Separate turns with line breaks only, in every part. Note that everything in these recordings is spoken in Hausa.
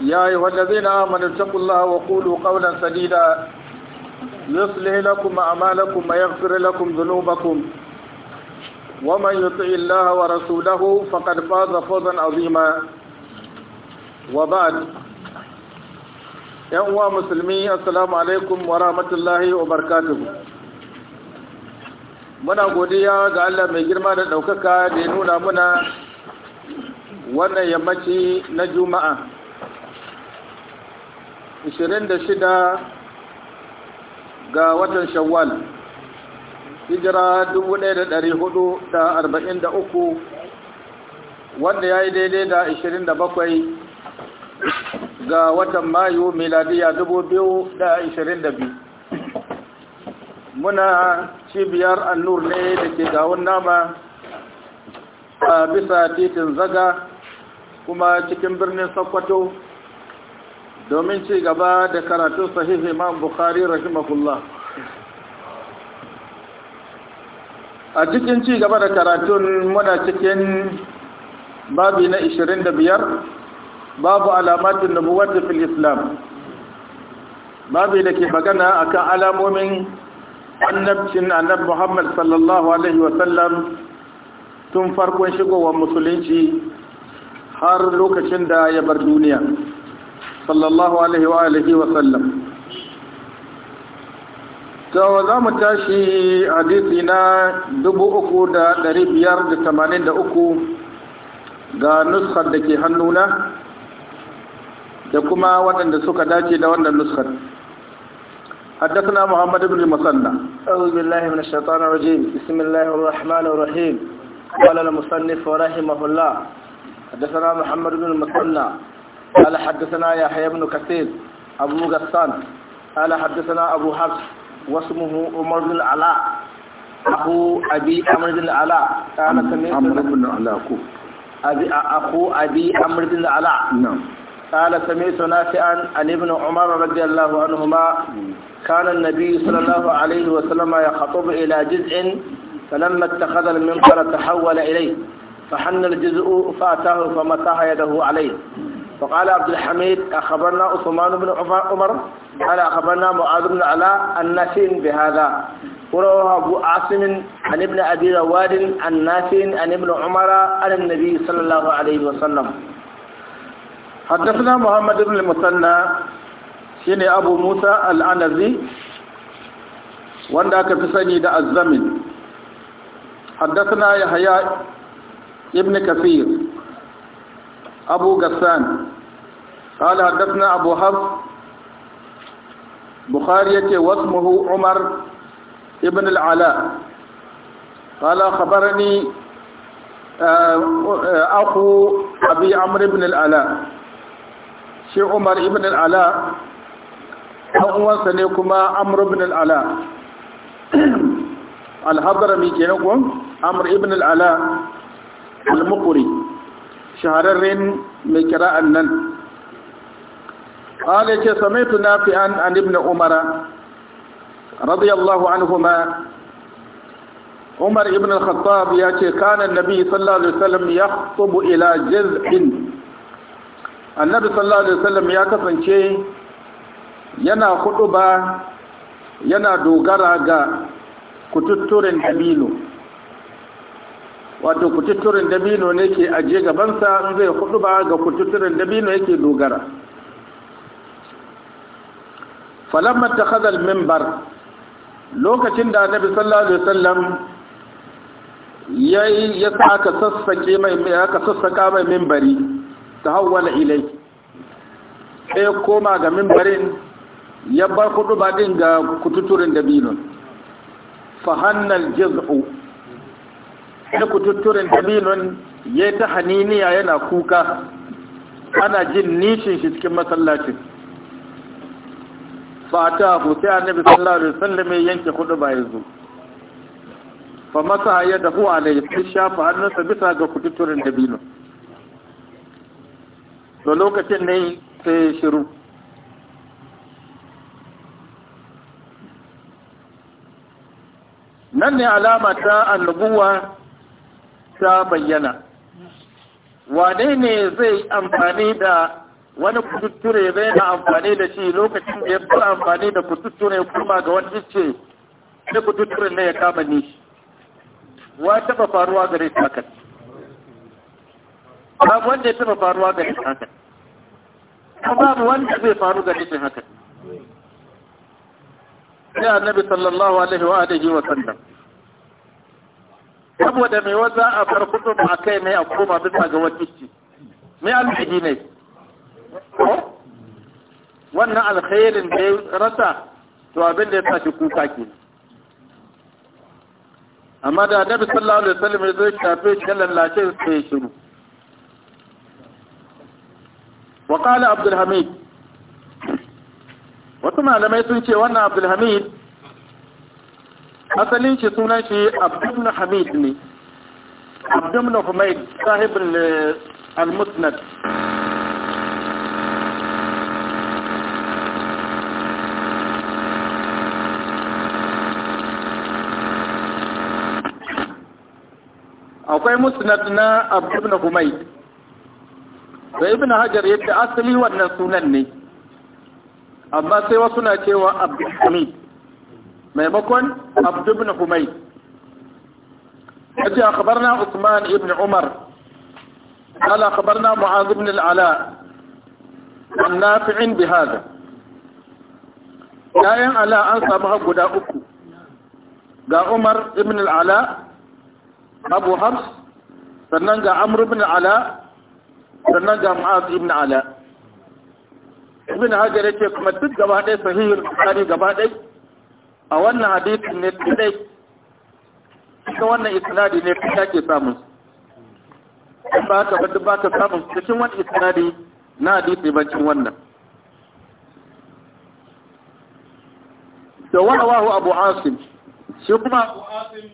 يا أيها الذين آمنوا اتقوا الله وقولوا قولا سديدا يصلح لكم أعمالكم ويغفر لكم ذنوبكم ومن يطع الله ورسوله فقد فاز فوزا عظيما وبعد ya uwa musulmi assalamu alaikum wa rahmatullahi wa barakatuhu muna godiya ga Allah mai girma da ɗaukaka da ya nuna muna wannan yammaci na juma'a 26 ga watan shawwal hijira 1443 wanda ya yi daidai da 27 ga watan mayu miladiya 2022 muna cibiyar annur ne da ke gawon nama a bisa titin zaga kuma cikin birnin sokoto domin ci gaba da karatu sahih imam bukhari rahimahullah a cikin ci gaba da karatun muna cikin babi na 25 babu alamatin nubuwati fil islam babi da ke magana akan alamomin annabcin annab muhammad sallallahu alaihi wasallam tun farkon shigowar musulunci har lokacin da ya bar duniya صلى الله عليه وآله وسلم to za mu tashi hadisi na uku ga nuskar da ke hannuna da kuma waɗanda suka dace da wannan nuskar حدثنا محمد بن المثنى أعوذ بالله من الشيطان الرجيم بسم الله الرحمن الرحيم قال المصنف رحمه الله حدثنا محمد بن المثنى قال حدثنا يحيى بن كثير أبو غسان قال حدثنا أبو حفص واسمه عمر بن علاء أخو أبي عمرو بن علاء قال سمعت عمرو بن علاء أبي أخو أبي عمرو بن علاء نعم قال سمعت نافعا عن ابن عمر رضي الله عنهما كان النبي صلى الله عليه وسلم يخطب إلى جزء فلما اتخذ المنبر تحول إليه فحن الجزء فأتاه فمسح يده عليه فقال عبد الحميد أخبرنا عثمان بن عمر قال أخبرنا معاذ بن علاء نسين بهذا وروى أبو عاصم عن ابن أبي رواد نسين عن ابن عمر عن النبي صلى الله عليه وسلم حدثنا محمد بن المثنى شيني أبو موسى الأنزي wanda aka fi الزمن حدثنا يحيى ابن كثير أبو غسان قال حدثنا ابو حب بخاري واسمه عمر ابن العلاء قال خبرني اخو ابي عمرو بن العلاء شي عمر ابن العلاء ɗan’uwansa ne kuma amur ibn al’ala alhadarami ke nukun amur ibn al’ala al-mukuri shahararren mai kira annan قال يا سمعت نافعا عن ابن عمر رضي الله عنهما عمر ابن الخطاب يا كان النبي صلى الله عليه وسلم يخطب الى جذع النبي صلى الله عليه وسلم يا كفنشي ينا خطبا ينا دوغرا kututturen dabino wato kututturen dabino ne ke aje gabansa in zai hudu ba ga kututturen dabino yake dogara falamma ta hadal mimbar, lokacin da annabi sallallahu alaihi wasallam yayi ya saka sassake mai mimbari, sassaka mai ilai sai koma ga mimbarin, ya bar kudu ga kututurin dabino fa hannal jaz'u da kututurin dabinon yayi ta haniniya yana kuka ana jin nishin shi cikin masallacin ba ta ku sai annabi sallallahu alaihi wasallam yanke kudu ba yanzu. fa mata ya dafu alaihi sai shafa hannunsa bisa ga kututturin dabino to lokacin ne sai shiru nan ne alama ta annabuwa ta bayyana wane ne zai amfani da wani kututture zai na amfani da shi lokacin da ya fi amfani da kututture ya kuma ga wani ice da kututture na ya kama ni wa taba faruwa gare ta kan babu wanda ya taba faruwa gare shi hakan babu wanda zai faru gare ta kan ya annabi sallallahu alaihi wa alihi wa sallam saboda mai wata a farkutu a kai mai a koma bisa ga wani ce mai alhaji ne wannan alkhairin da ya rasa to abin da ya sa kuka ke amma da annabi sallallahu alaihi wasallam ya zo shafe shi lallace sai ya shiru wa qala abdul hamid wasu malamai sun ce wannan abdul hamid asalin shi sunan shi abdul hamid ne abdul hamid sahibul eh, al-musnad akwai musnad na abdu ibn humayd da ibn hajar yadda asali wannan sunan ne amma sai wasu na cewa abdu hamid maimakon abdu ibn humayd yace na usman ibn umar قال أخبرنا معاذ بن العلاء عن نافع بهذا يا على أنصى guda uku. ga Umar ibn al'ala abu hams sannan ga amur ibn ala sannan ga ma'az ibn ala ibn hajjar ya ce kuma duk gaba ɗaya sahihul bukhari gaba ɗai a wannan hadisin ne kadai cikin wannan isnadi ne ta ke samun in ba ka bada ba ka samun cikin wani isnadi na hadisi bancin wannan da wani wahu abu asim shi kuma abu asim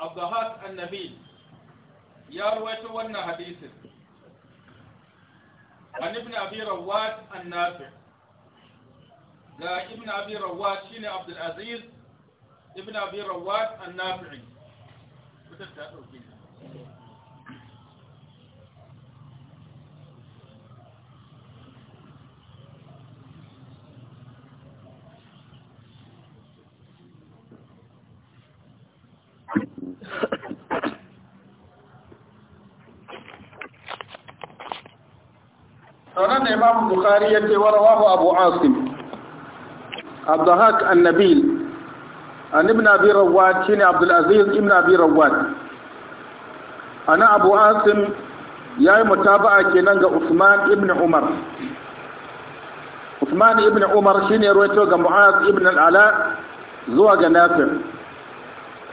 عبد الهات النبي يا رويت ونا حديث عن ابن ابي رواد النافع دا ابن ابي رواد شيني عبد العزيز ابن ابي رواد النافعي الإمام البخاري يتي ورواه أبو عاصم الضحاك النبيل عن ابن أبي رواد شين عبد العزيز ابن أبي رواد أنا أبو عاصم يا متابعة كنان عثمان ابن عمر عثمان ابن عمر شين رويته معاذ ابن العلاء زوى نافع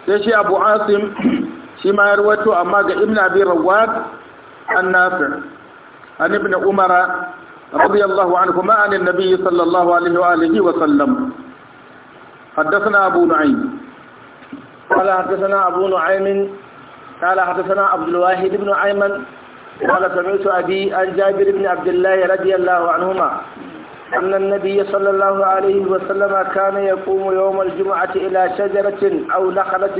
sai shi abu asim shi ma ya ruwato amma ga ibn abi rawad an nafi an رضي الله عنهما عن النبي صلى الله عليه وآله وسلم حدثنا أبو نعيم قال حدثنا أبو نعيم قال حدثنا عبد الواحد بن عيمن قال سمعت أبي عن جابر بن عبد الله رضي الله عنهما أن النبي صلى الله عليه وسلم كان يقوم يوم الجمعة إلى شجرة أو نخلة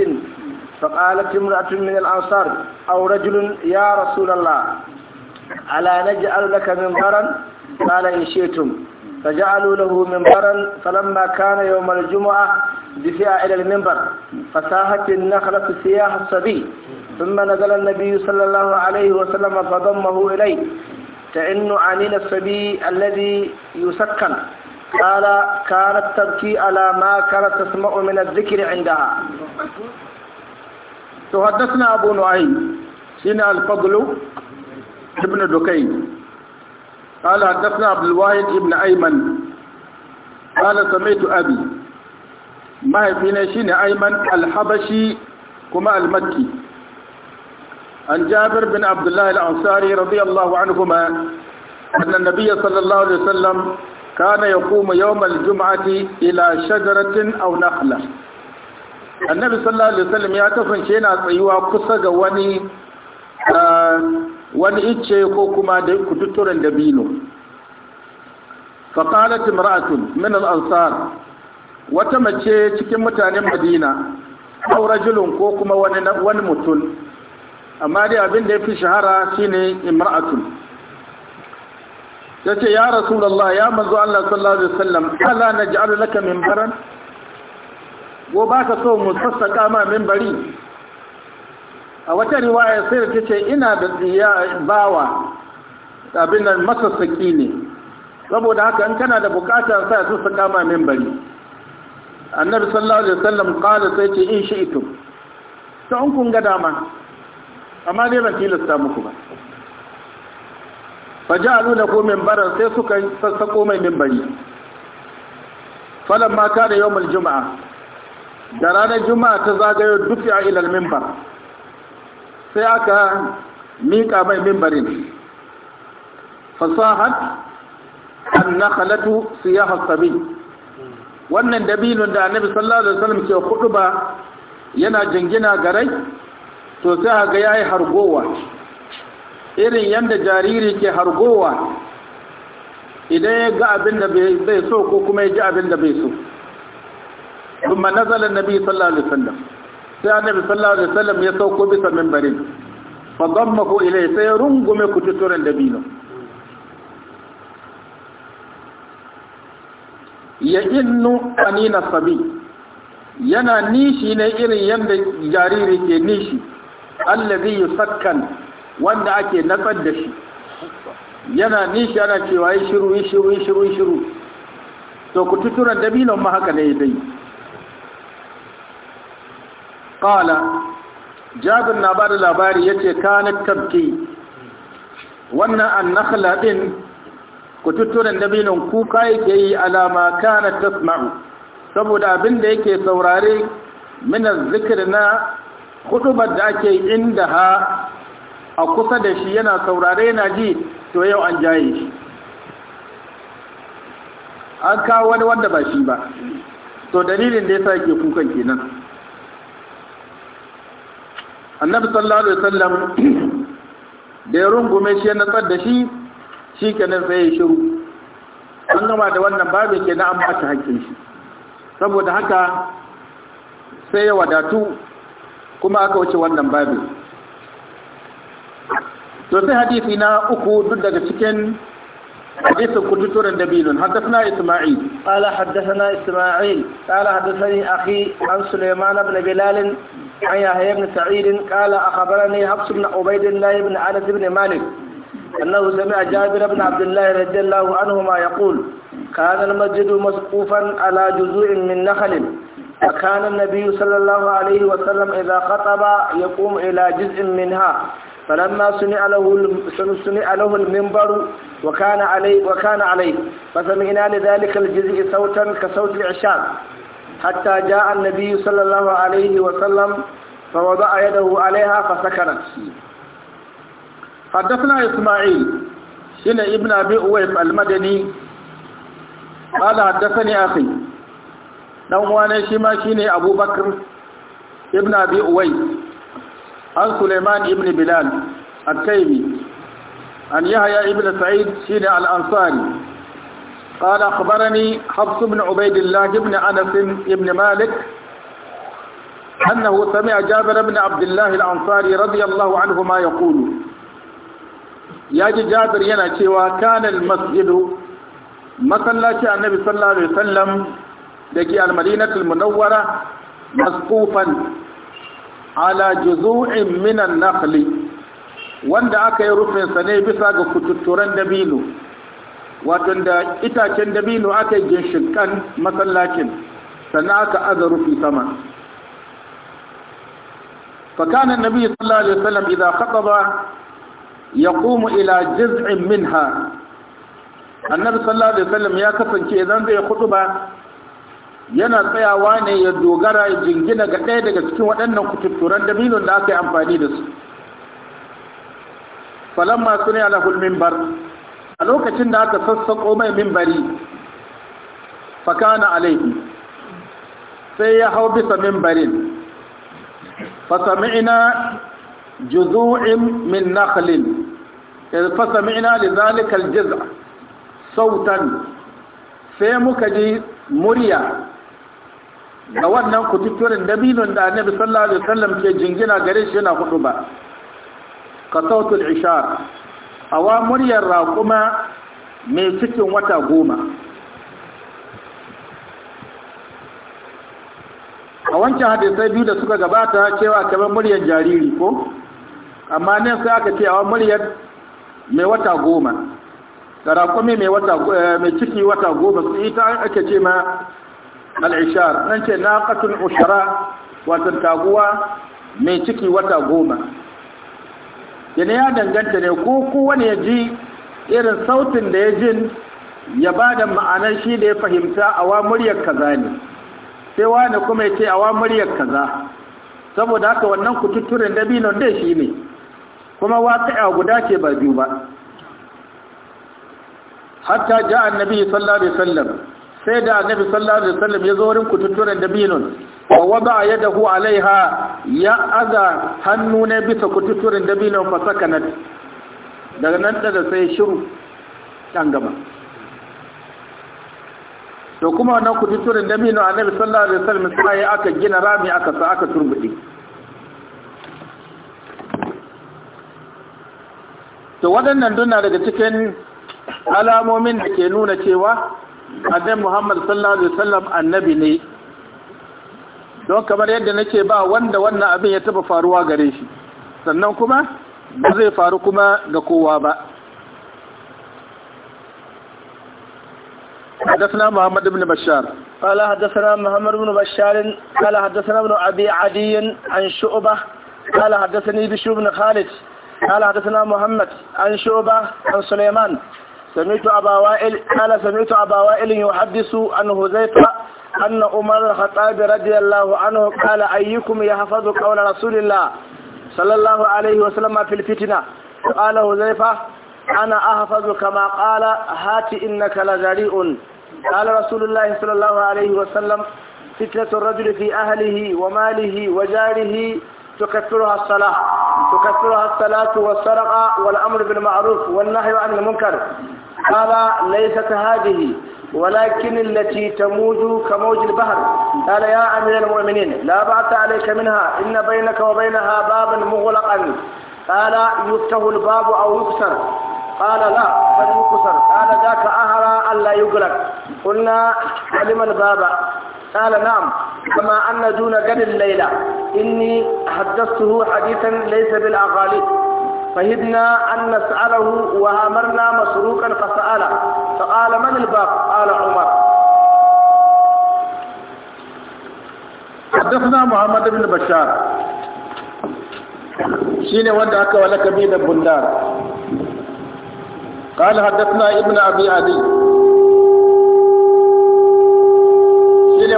فقالت امرأة من الأنصار أو رجل يا رسول الله ألا نجعل لك منبرا قال إن شئتم فجعلوا له منبرا فلما كان يوم الجمعة دفع إلى المنبر فساهت النخلة سياح الصبي ثم نزل النبي صلى الله عليه وسلم فضمه إليه تئن عنين الصبي الذي يسكن قال كانت تبكي على ما كانت تسمع من الذكر عندها تحدثنا أبو نعيم سنة الفضل ابن دكين قال حدثنا عبد الواحد ابن أيمن قال سمعت أبي ما هي شين أيمن الحبشي كما المكي عن جابر بن عبد الله الأنصاري رضي الله عنهما أن النبي صلى الله عليه وسلم كان يقوم يوم الجمعة إلى شجرة أو نخلة النبي صلى الله عليه وسلم يعتفن شين أطيوا قصة واني آه wani icce ko kuma da kututturen dabino faƙalat imra'atun min al wata mace cikin mutanen madina ko rajulun ko kuma wani mutum amma dai abin da fi shahara shine imra'atun ce ya rasulullah ya manzo Allah sallallahu alaihi wasallam ala naj'alu laka minbaran ba ka so mu sassaka ma minbari a wata riwaya sai da ce ina da tsiya bawa abin nan masassaki ne saboda haka in kana da bukata sa su su kama membari annabi sallallahu alaihi wasallam qala sai ce in shi'tum to in kun ga dama amma dai ban tilasta muku ba fajalu lahu minbaran sai suka sassako mai membari falamma kana yawmul juma'a da ranar juma'a ta zagayo dukiya a ilal minbar sai aka miƙa mai mimbarin fasahat annakhalatu siyaha sabi wannan dabinun da annabi sallallahu alaihi wasallam ke kudu ba yana jingina garai to sai ga yayi hargowa irin yanda jariri ke hargowa idan ya ga abin da bai so ko kuma ya ji abin da bai so kuma nazalar nabi sallallahu alaihi wasallam sai annabi sallallahu alaihi wasallam ya sauko bisa minbari fa dammahu ilai sai rungume kututuran dabino ya innu anina sabi yana nishi ne irin yadda jariri ke nishi allazi yusakkan wanda ake nasar da shi yana nishi ana cewa yi shiru yi shiru shiru To shiru to kututuran dabino ma haka ne dai kala jabir na ba da labari ya ce kanat tabki wannan annakhla ku kututturen dabinin kuka yake yi alama kana tasma'u saboda abin da yake saurari mina zikir na ba da ake inda ha a kusa da shi yana saurare yana ji to yau an jaye shi an kawo wani wanda ba shi ba to dalilin da ya sa ke kukan kenan annabi sallallahu alaihi wasallam da ya rungume shi ya natsar da shi shi kenan sai ya shiru an gama da wannan babin ke na an bata hakkin shi saboda haka sai ya wadatu kuma aka wuce wannan babin to sai hadisi na uku duk daga cikin حديث كنت النبيل حدثنا إسماعيل قال حدثنا إسماعيل قال حدثني أخي عن سليمان بن بلال عن يحيى بن سعيد قال أخبرني حفص بن عبيد الله بن أنس بن مالك أنه سمع جابر بن عبد الله رضي الله عنهما يقول كان المسجد مسقوفا على جزء من نخل فكان النبي صلى الله عليه وسلم إذا خطب يقوم إلى جزء منها فلما سمع له, سمع له المنبر وكان عليه وكان عليه فسمعنا لذلك الجزء صوتا كصوت العشاء حتى جاء النبي صلى الله عليه وسلم فوضع يده عليها فسكنت حدثنا إسماعيل هنا ابن أبي أويف المدني قال حدثني أخي نومواني شما شيني أبو بكر ابن أبي أويف عن سليمان ابن بلال التيمي عن يحيى ابن سعيد شين الأنصاري قال أخبرني حفص بن عبيد الله بن أنس بن مالك أنه سمع جابر بن عبد الله الأنصاري رضي الله عنهما يقول يا جابر ينأتي وكان المسجد مثلا النبي صلى الله عليه وسلم لكي المدينة المنورة مسقوفا على جذوع من النخل wanda aka yi rufinsa ne bisa ga kututturen dabino wato da itacen dabino aka yi ginshikan masallacin sannan aka aza rufi sama فكان النبي صلى الله عليه وسلم إذا خطب يقوم إلى جزء منها النبي صلى الله عليه ya kasance كفن إذا زي ba. yana tsayawa ne ya dogara jingina ga ɗaya daga cikin waɗannan kututturan dabino da aka yi amfani da su falamma sune alahul minbar a lokacin da aka sassako mai minbari fakana alaihi sai ya hau bisa minbarin fasami'na juzu'in min nakhlin eh, fasami'na lidhalika aljiz'a sautan sai muka ji murya ga wannan kututturen dabinon da annabi sallallahu alaihi wasallam ke jingina gare shi yana hudu ba ka sautul ishar awa muryar raƙuma mai cikin wata goma a wancan hadisai biyu da suka gabata cewa kamar muryar jariri ko amma ne sai aka ce awa muryar mai wata goma da raƙumi eh, mai ciki wata goma su ita ake ce ma al'ishar nan ce na ƙasun ushara wata taguwa mai ciki wata goma yana ya danganta ne ko kowane ya ji irin sautin da ya jin ya ba da ma'anar shi da ya fahimta a wa muryar kaza ne sai wani kuma ya ce a wa muryar kaza saboda haka wannan kututturen dabinon dai shi ne kuma waƙi'a guda ce ba biyu ba hatta ja annabi sallallahu alaihi wasallam sai da annabi sallallahu alaihi wasallam ya zo wurin kututturen dabinon wa wada yadahu alaiha ya aza hannu ne bisa kututurin dabinon fa sakanat daga nan da sai shiru can gaba to kuma wannan kututurin dabino annabi sallallahu alaihi wasallam sai aka gina rami aka sa aka turbude to waɗannan duna daga cikin alamomin da ke nuna cewa annabi Muhammad sallallahu alaihi wasallam annabi ne don kamar yadda nake ba wanda wannan abin ya taba faruwa gare shi sannan kuma ba zai faru kuma ga kowa ba حدثنا محمد بن بشار قال حدثنا محمد بن بشار قال حدثنا ابن أبي عدي عن شعبة قال حدثني بشو بن خالد قال حدثنا محمد عن شعبة عن سليمان سمعت أبا وائل قال سمعت أبا وائل يحدث عن هزيفة أن عمر الخطاب رضي الله عنه قال أيكم يحفظ قول رسول الله صلى الله عليه وسلم في الفتنة قال هزيفة أنا أحفظ كما قال هات إنك لجريء قال رسول الله صلى الله عليه وسلم فتنة الرجل في أهله وماله وجاره تكثرها الصلاة تكثرها الصلاة والسرقة والأمر بالمعروف والنهي عن المنكر قال ليست هذه ولكن التي تموج كموج البحر قال يا أمير المؤمنين لا بعث عليك منها إن بينك وبينها بابا مغلقا قال يفتح الباب أو يكسر قال لا بل يكسر قال ذاك أهرى ألا يغلق قلنا علم الباب قال نعم كما أن دون قبل الليلة إني حدثته حديثا ليس بالأغالب فهدنا أن نسأله وأمرنا مسروقا فسأله فقال من الباب قال عمر حدثنا محمد بن بشار شين ودعك ولك بيد بندار قال حدثنا ابن أبي عدي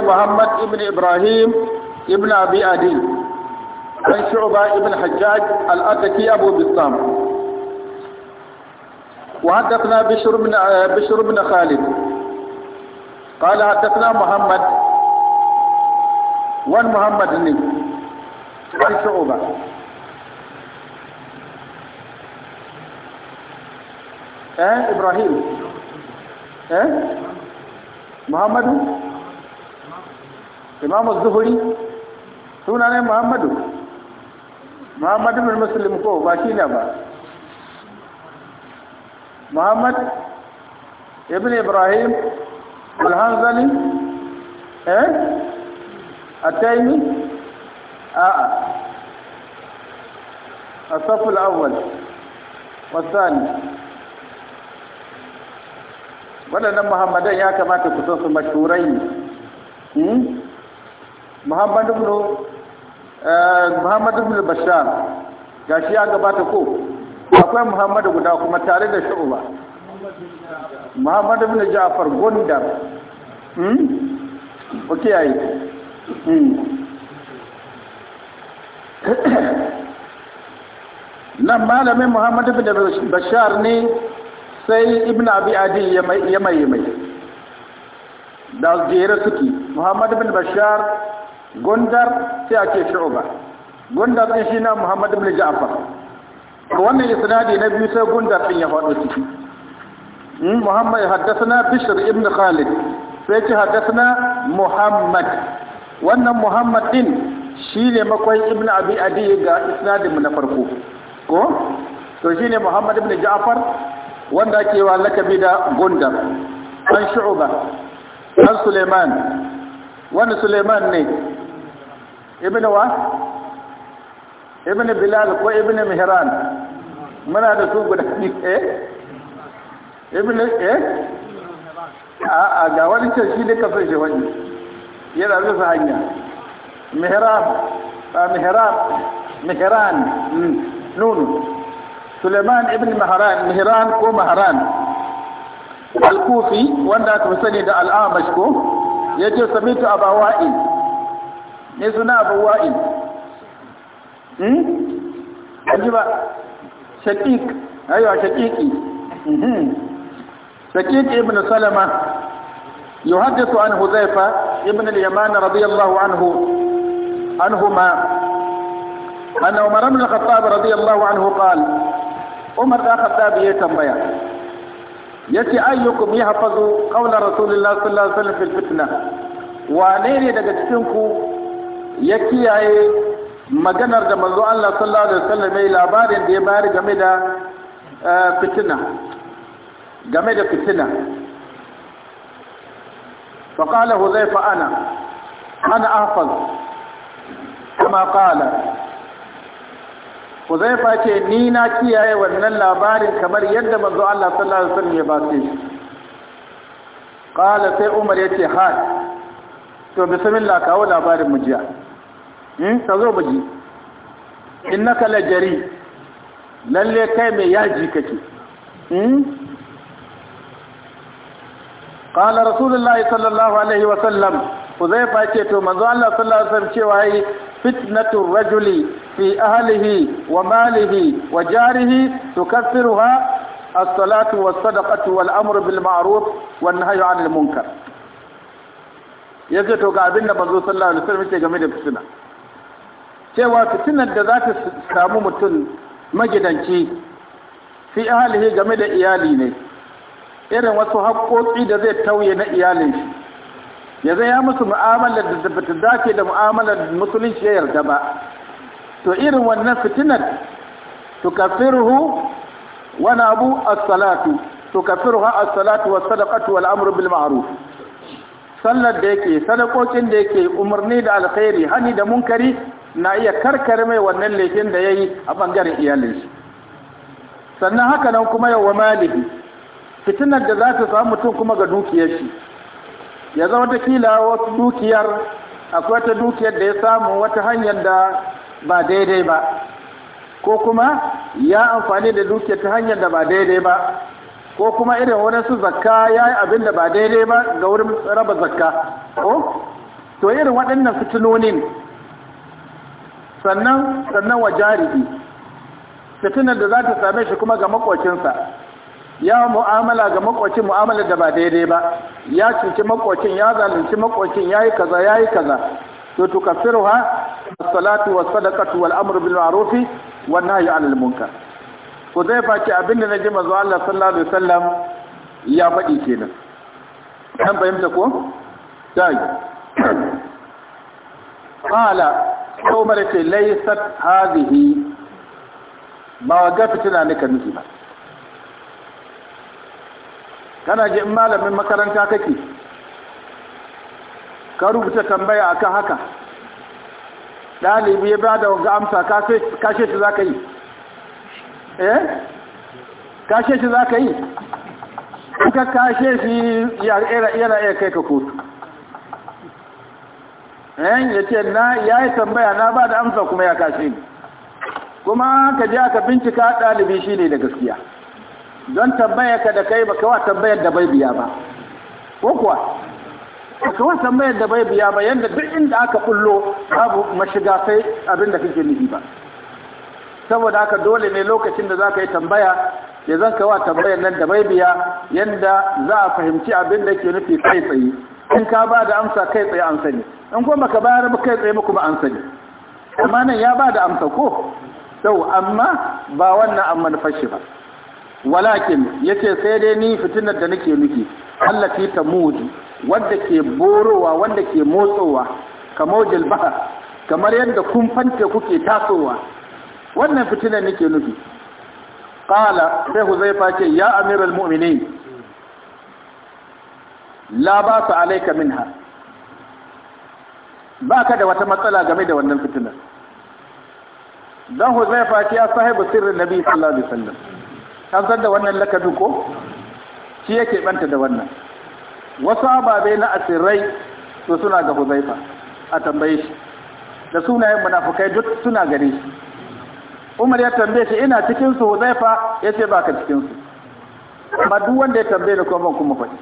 محمد ابن إبراهيم ابن أبي عدي عن شعبة ابن حجاج الأتكي أبو بسام وحدثنا بشر بن بشر بن خالد قال حدثنا محمد وان محمد ني عن شعبة ها إبراهيم ها محمد imamu zuhuri suna ne muhammadu muhammadu bin muslim ko ba shi ne ba muhammad ibn ibrahim alhanzali eh a a الصف الأول wasani waɗannan muhammadan ya kamata ku san su mashurai ne hmm? Muhammadu muhammadu eh, muhammad ibn bashar gashi ya gabata ko akwai Muhammadu guda kuma tare da shu'ba Muhammadu bin ja'far gondar hmm okay ai hmm nan malamin muhammadu ibn bashar ne sai ibn abi adi ya mai mai da jere suke Muhammadu bin bashar Gondar sai a ce shu'ba gondar din shi na muhammad ibn ja'far wannan isnadi na biyu sai gondar din ya faɗo ciki hmm, muhammad haddathana bishr ibn khalid sai ce haddathana muhammad wannan muhammad din shi ne makwai ibn abi adi ga isnadi mu na farko ko to shi ne muhammad ibn ja'far wanda ake wa lakabi da gondar an shu'ba an suleiman wani suleiman ne ibn wa ibn bilal ko ibn mihran muna da su guda ni eh ibn eh a ga wani ce shi duka sai shi wani yana zuwa hanya mihran mihran mihran hmm, nun Suleiman ibn Mahran Mihran ko Mahran Al-Kufi wanda aka sani da Al-Amash ko yace sami Abu Abawai? ne suna abu wa'il ƙaji hmm? ba shaƙiƙ ayyuwa shaƙiƙi hmm. shaƙiƙ ibn يحدث عن هزيفة ابن اليمان رضي الله عنه عنهما أن عمر بن الخطاب رضي الله عنه قال عمر بن الخطاب يتنبيا يتي أيكم يحفظ قول رسول الله صلى الله عليه وسلم في الفتنة وانين دقتكم ya kiyaye maganar da manzo Allah sallallahu alaihi wasallam mai labarin da ya bayar game da eh, fitina game da fitina fa qala huzaifa ana ana ahfaz kama qala huzaifa ce ni na kiyaye wannan labarin kamar yadda manzo Allah sallallahu alaihi wasallam ya ba shi qala sai umar yace ha to bismillah kawo labarin mujiya Hmm? ka zo mu ji na kala jari lalle kai mai yaji kake ƙala hmm? rasulullahi sallallahu alaihi wa huzaifa ce to manzo Allah sallallahu alaihi wasallam cewa yi fitnatun rajuli fi ahlihi wa malihi wa jarihi tukaffiruha as-salatu was amru bilmaruf maruf munkar yace to ga abinda manzo sallallahu alaihi wasallam ce game da fitina cewa fitinar da za ta samu mutum magidanci fi ahalihi game da iyali ne irin wasu haƙoƙi da zai tauye na iyalin shi ya zai ya musu mu'amalar da ta dace da mu'amalar musulunci ya yarda ba to irin wannan fitinar tukaffiruhu wani abu as-salatu tukaffiruha as-salatu was-sadaqatu wal-amru bil-ma'ruf sallar da yake sadakokin da yake umarni da alkhairi hani da munkari na iya karkar mai wannan leken da ya yi a ɓangaren iyalin sannan haka nan kuma yawa malihi fitinar da za ta samu mutum kuma ga dukiyar shi ya zama ta wasu dukiyar akwai ta dukiyar da ya samu wata hanyar da ba daidai ba ko kuma ya amfani da dukiyar ta hanyar da ba daidai ba ko kuma irin wani su zakka ya yi abin da ba daidai ba ga wurin raba zakka oh, to irin waɗannan fitinonin sannan sannan wa jarihi fitinar da za ta same shi kuma ga makocinsa ya mu'amala ga makocin mu'amala da ba daidai ba ya cuci makocin ya zalunci ya yi kaza ya yi kaza to tukaffiruha as-salatu was-sadaqatu wal-amru bil-ma'ruf wan nahyi 'anil munkar ko zai faci abinda naji manzo Allah sallallahu alaihi wasallam ya faɗi kenan an fahimta ko dai kala sai mara ce laisat hazihi ba ga fitina ne ka nufi ba kana ji in malamin makaranta kake ka rubuta tambaya a kan haka ɗalibi ya bada wanga amsa kashe shi za ka yi eh kashe shi za ka yi
kuka kashe
shi yana iya kai ka kotu eh ya ce na ya yi tambaya na ba da amsa kuma ya kashe ni kuma ka je aka bincika ɗalibi shi ne da gaskiya don tambaya ka da kai ba kawai tambayar da bai biya ba ko kuwa kawa tambayar da bai biya ba yadda duk inda aka kullo babu mashiga sai abinda da kake nufi ba saboda haka dole ne lokacin da za ka yi tambaya ya zan kawa tambayar nan da biya yadda za a fahimci abin da ke nufi kai tsaye in ka ba da amsa kai tsaye an sani in kuma ka bayar ba kai tsaye ba kuma an sani amma nan ya ba da amsa ko sau amma ba wannan an manufashi ba walakin yace sai dai ni fitinar da nake nufi ta muji, wadda ke borowa wadda ke motsowa kamar jilbaha kamar yadda kumfan teku ke tasowa wannan fitinar nake nufi qala sai huzaifa ce ya amirul mu'minin la ba ta alaika ha, ba ka da wata matsala game da wannan fitinar don huzaifa ce ya sahibu sirrin nabi sallallahu alaihi wasallam an san da wannan lakabi ko shi yake banta da wannan wasu ababe na asirai to suna ga huzaifa a tambaye shi da sunayen munafukai duk suna gare shi umar ya tambaye shi ina cikin su Hudzaifa ya ce ba ka cikin su Ba duk wanda ya tambaye ni kuma kuma faɗi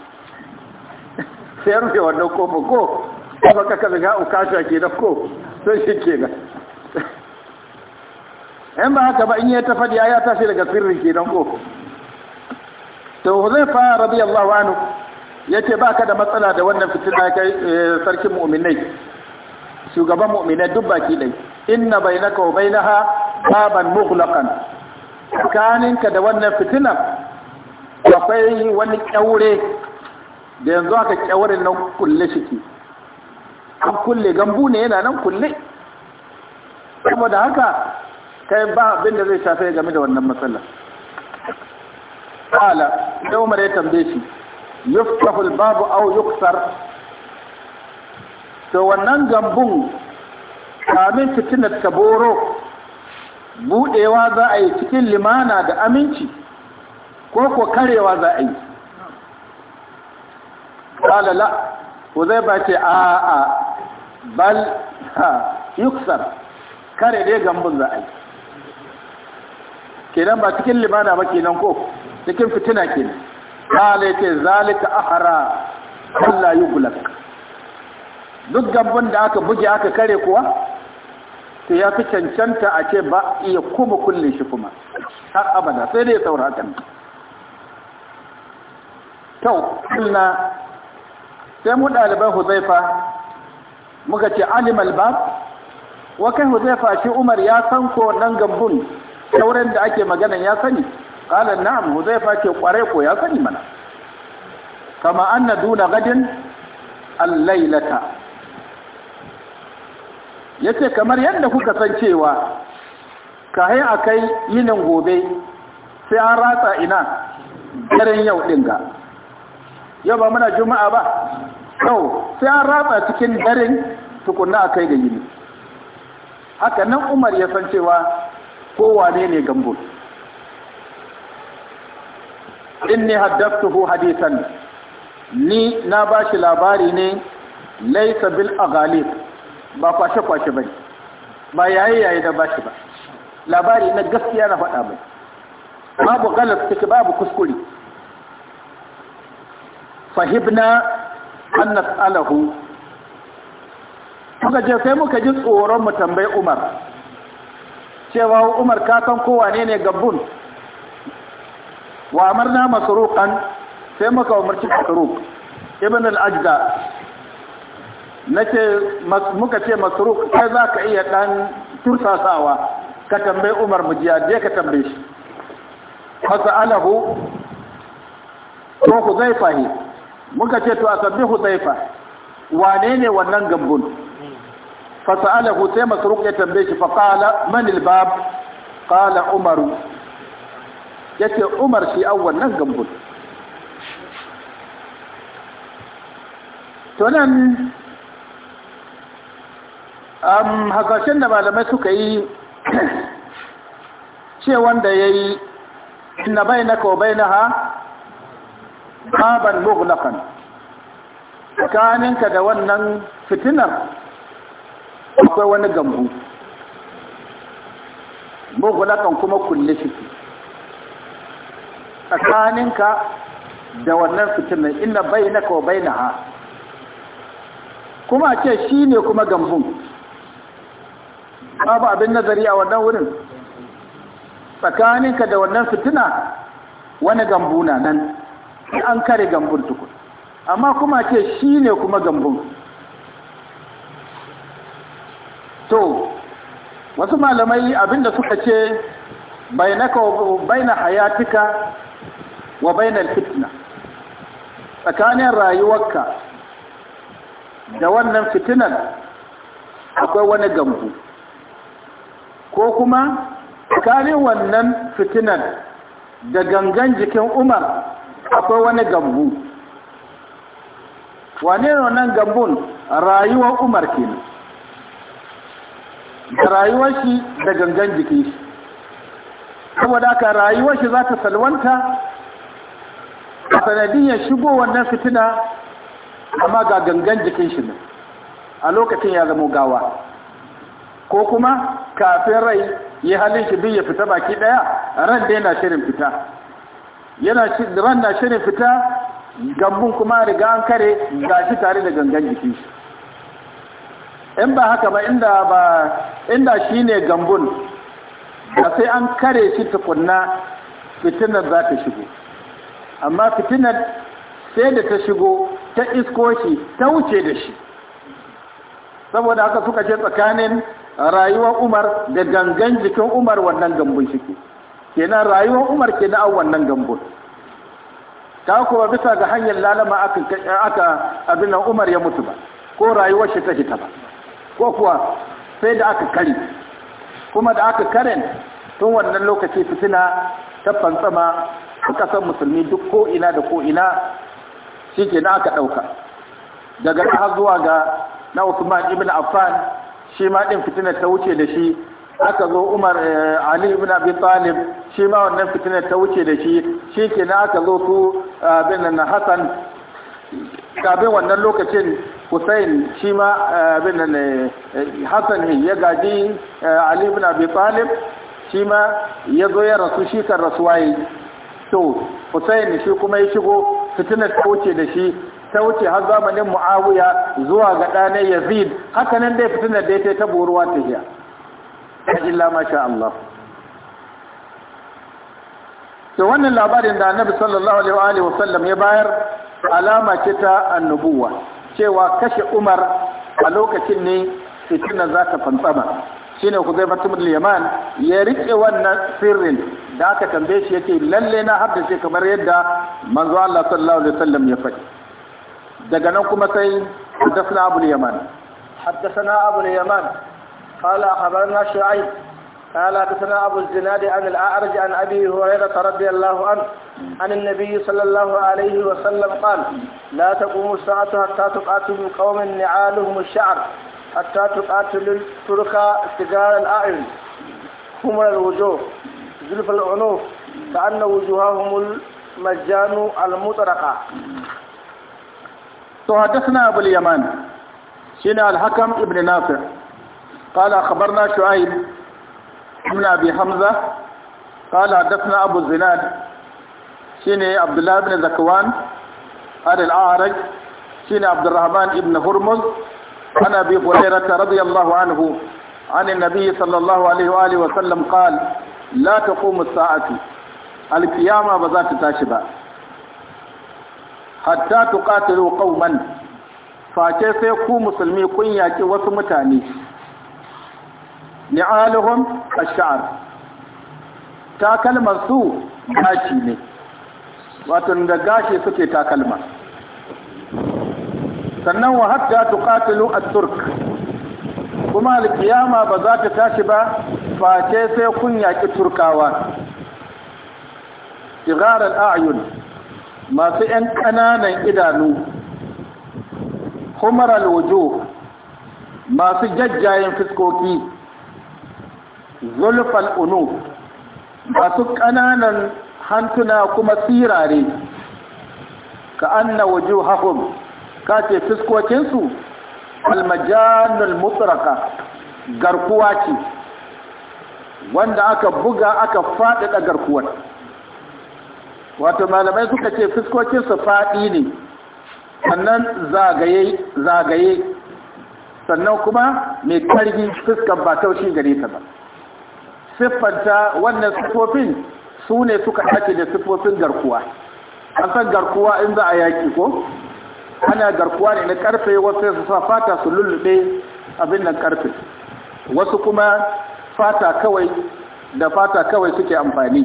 sai rufe wannan kofin ko ba ka kaza ga ukasha ke da ko sai shi ke nan in ba haka ba in ya ta faɗi ya tashi daga sirrin ke ko to Hudzaifa radiyallahu anhu yace ka da matsala da wannan fitina kai eh, sarkin mu'minai shugaban mu'minai duk baki dai inna bainaka wa bainaha baban mughlaqan ka da wannan fitina akwai wani kyaure da yanzu aka kyaure nan kulle ke. an kulle gambu ne yana nan kulle saboda haka kai ba abin da zai shafe game da wannan matsala qala da umar ya tambaye shi yuftahu babu aw yuksar to wannan gambun kamin fitinar ta boro buɗewa za a yi cikin limana da aminci ko ko karewa za a yi ƙalala ko zai ba ce a a bal ha yuksar kare dai gambun za a yi kenan ba cikin limana ba kenan ko cikin fitina kenan ƙala ce zalika ahara Allah yi gulak duk gambun da aka buge aka kare kuwa sai ya fi cancanta a ce ba iya kuma kulle shi kuma har abada sai dai saura kan tau kulna sai mu ɗaliban huzaifa muka ce alimal ba wa kai huzaifa shi umar ya san ko nan gambun sauran da ake maganan ya sani kalan na'am huzaifa ce kwarai ko ya sani mana kama anna duna gadin allailata ya ce kamar yadda kuka san cewa ka kayan a kai yinin gobe sai an ratsa ina daren yau ga, yau ba muna juma'a ba yau sai an ratsa cikin daren tukunna a kai da yini haka nan umar ya san cewa kowane ne gambo inni haddaftuhu hadisan ni na ba shi labari ne laisa bil aghalib ba kwashe-kwashe ba ba yayi-yayi na bashi ba labari na gaskiya na faɗa mai babu galaf take babu kuskure fahimna an nas'alahu muka je sai muka ji tsoron mu tambayi umar cewa umar ka san kowane ne gabbun wa amarna masruqan sai muka umarci masruq ibn al-ajda nace muka ce masruk kai za ka iya dan tursasawa ka tambayi umar mujiya je ka tambaye shi fasa'alahu ko huzaifa ne muka ce to a sabbi huzaifa wane ne wannan gambun fasa'alahu sai masruk ya tambaye shi faqala man albab kala umar yace umar shi an wannan gambun to nan hasashen da malamai suka yi ce wanda ya yi na bai na kobai na ha baban mughlakan tsakaninka da wannan fitinar akwai wani gambu mughlakan kuma kulle shi tsakaninka da wannan fitinar ina bai na kobai na ha kuma ce shi ne kuma gambun babu abin nazari a wannan wurin tsakaninka da wannan fitina wani gambu na nan sai an kare gambun tukun amma kuma ce shi ne kuma gambun to wasu malamai abinda suka ce bai na hayatika wa na fitina. tsakanin rayuwarka da wannan fitinar akwai wani gambu ko kuma kare wannan fitinan da gangan jikin umar akwai wani gambu wane ne wannan gambun rayuwar umar kenan da rayuwar shi da gangan jikin shi saboda haka rayuwar shi za ta salwanta a sanadiyar shigo wannan fitina amma ga gangan jikin shi ne a lokacin ya zama gawa ko kuma kafin rai ya halin shi duk ya fita baki ɗaya ran da yana shirin fita yana ran na shirin fita gambun kuma riga an kare shi tare da gangan jiki in ba haka ba inda ba inda ne gambun da sai an kare shi tukunna fitinar za ta shigo amma fitinar sai da ta shigo ta iskoshi ta wuce da shi saboda haka suka ce tsakanin rayuwar Umar da gangan jikin Umar wannan gambun ke kenan rayuwar Umar ke a wannan gambun ta kuma bisa ga hanyar lalama aka aka abin nan Umar ya mutu ba ko rayuwar shi ta hita ba ko kuwa sai da aka kari. kuma da aka karen tun wannan lokaci fitina ta fantsama a kasar musulmi duk ko ina da ko ina na aka ɗauka, daga har zuwa ga na Uthman ibn Affan shi ma din fitinar ta wuce da shi aka zo Umar eh, Ali ibn Abi Talib shi ma wannan fitinar ta wuce da shi shi ke na aka zo su eh, na Hassan kafin wannan lokacin Hussein shi ma eh, bin Hassan ya gaji Ali ibn Abi Talib shi ma ya zo ya rasu shi kan rasuwa yi to Hussein shi kuma ya shigo fitinar ta wuce da shi ta wuce har zamanin muawiya zuwa ga ɗane yazid haka nan dai fitinar da ya ta buruwa ta hiya illa masha Allah to wannan labarin da annabi sallallahu alaihi wa sallam ya bayar alama ce ta annubuwa cewa kashe umar a lokacin ne fitinar za ta fantsama shine ku zai fatimul yaman ya rike wannan sirrin da aka tambaye shi yake lalle na haddace kamar yadda manzo Allah sallallahu alaihi sallam ya faɗi daga nan kuma حدثنا أبو اليمان حدثنا أبو اليمان قال أخبرنا شعيب قال حدثنا أبو الزناد عن الأعرج عن أبي هريرة رضي الله عنه عن النبي صلى الله عليه وسلم قال لا تقوم الساعة حتى تقاتل قوم نعالهم الشعر حتى تقاتل الترك سجال الأعين حمر الوجوه زلف العنوف كأن وجوههم المجان المطرقة to haddathna abul yaman shine al-hakam ibn nafi' qala akhbarna shu'aib ibn abi hamza qala haddathna abu zinad shine abdullah ibn zakwan عن الأعرج سين عبد الرحمن ابن هرمز عن أبي هريرة رضي الله عنه عن النبي صلى الله عليه وآله وسلم قال لا تقوم الساعة القيامة بذات تاشبه hatta tuqatilu qauman face sai ku musulmi kun yaki wasu mutane ni'aluhum ash-sha'r su gashi ne wato da gashi suke takalma sannan wa hatta tuqatilu at-turk kuma alkiyama ba za ta tashi ba face sai kun yaki turkawa tigar ayun masu ‘yan ƙananan idanu humaral wujo masu jajjayen fiskoki zulfal unu masu ƙananan hantuna kuma sirare ka anna wujo ka ce fiskokinsu almajanul mutsuraka garkuwa ce wanda aka buga aka faɗaɗa garkuwar wato malamai suka ce fuskokinsa faɗi ne sannan zagaye zagaye sannan kuma mai karfi fuskan ba taushi gare ta ba siffanta wannan siffofin su ne suka ake da siffofin garkuwa an san garkuwa in za a yaƙi ko ana garkuwa ne na karfe wasu su sa fata su lullube abin nan karfe wasu kuma fata kawai da fata kawai suke amfani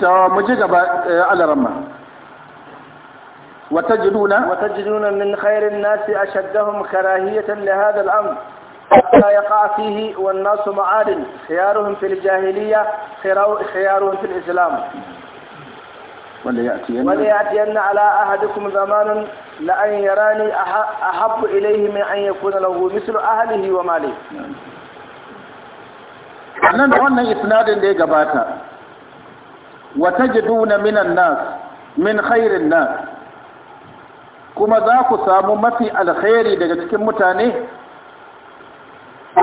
ta muji gaba eh, wata jiduna wata min khairin nasi a shaggahun karahiyyatan da hada al'am ta ya ƙafihi wannan su ma'adin khiyaruhun fil jahiliya khiyaruhun fil islam wanda ya ati yana ala ahadukum zamanin a haɓu ilaihi mai an yi kuna lagu mislu ahalihi wa male wannan da wannan isnadin da ya gabata wa tajiduna minan nas min khairin nas kuma za ku samu mafi alkhairi daga cikin mutane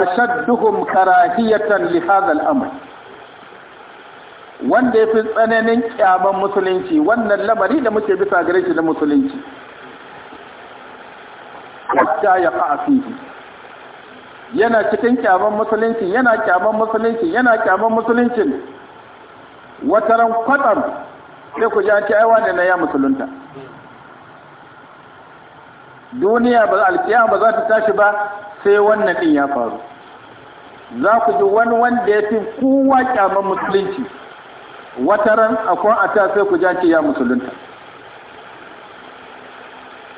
ashadduhum karahiyatan li hadha al-amr wanda yafi tsananin kyaman musulunci wannan lamari da muke bisa gare shi da musulunci hatta ya fa'a fihi yana cikin kyaman musulunci yana kyaman musulunci yana kyaman musulunci wataran kwatsam sai ku ji an ce ai na ya musulunta duniya ba alkiya ba za ta tashi ba sai wannan ɗin ya faru za ku ji wani wanda ya fi kowa kyaman musulunci wataran akwai a ta sai ku ji an ya musulunta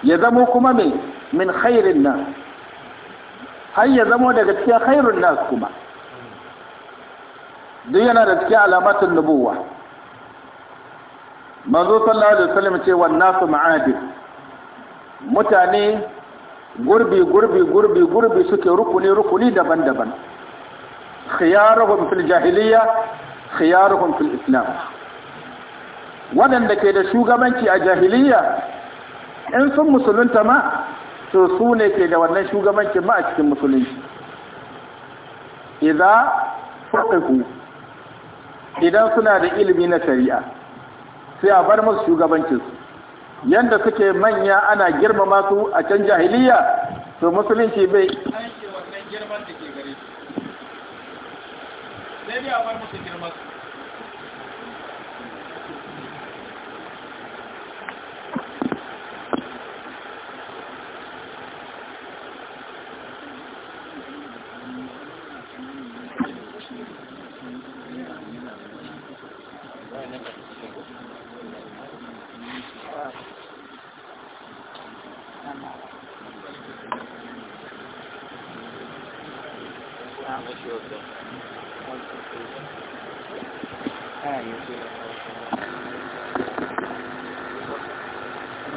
ya zamo kuma mai min khairin nan har ya zamo daga cikin hairin nas kuma duk yana da cikin alamatin nubuwa manzo sallallahu alaihi wasallam ce wan nasu ma'adi mutane gurbi gurbi gurbi gurbi suke rukuni rukuni daban-daban khiyaruhum fil jahiliya khiyaruhum fil islam waɗanda ke da shugabanci a jahiliya in sun musulunta ma to su ne ke da wannan shugabancin ma a cikin musulunci idza faqihu idan suna da ilimi na shari'a sai a bar musu shugabancinsu yanda suke manya ana girmama su a can jahiliya
to musulunci bai aiki wannan girman da ke gare
su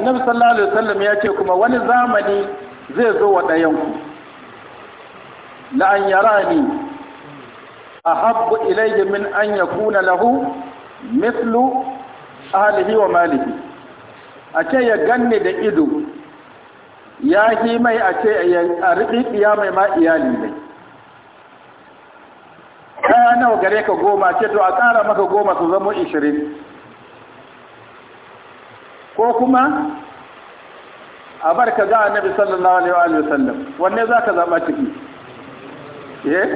annabi sallallahu alaihi wasallam ya ce kuma wani zamani zai zo wa ɗayanku la an yarani ahabbu ilayhi min an yakuna lahu mithlu ahlihi wa malihi a ce ya ganni da ido ya yi mai a ce a riɓi mai ma iyali ne kaya nawa gare ka goma ce to a ƙara maka goma su zama ishirin ko kuma a bar ka ga nabi sallallahu alaihi wa sallam wanne za ka zama ciki eh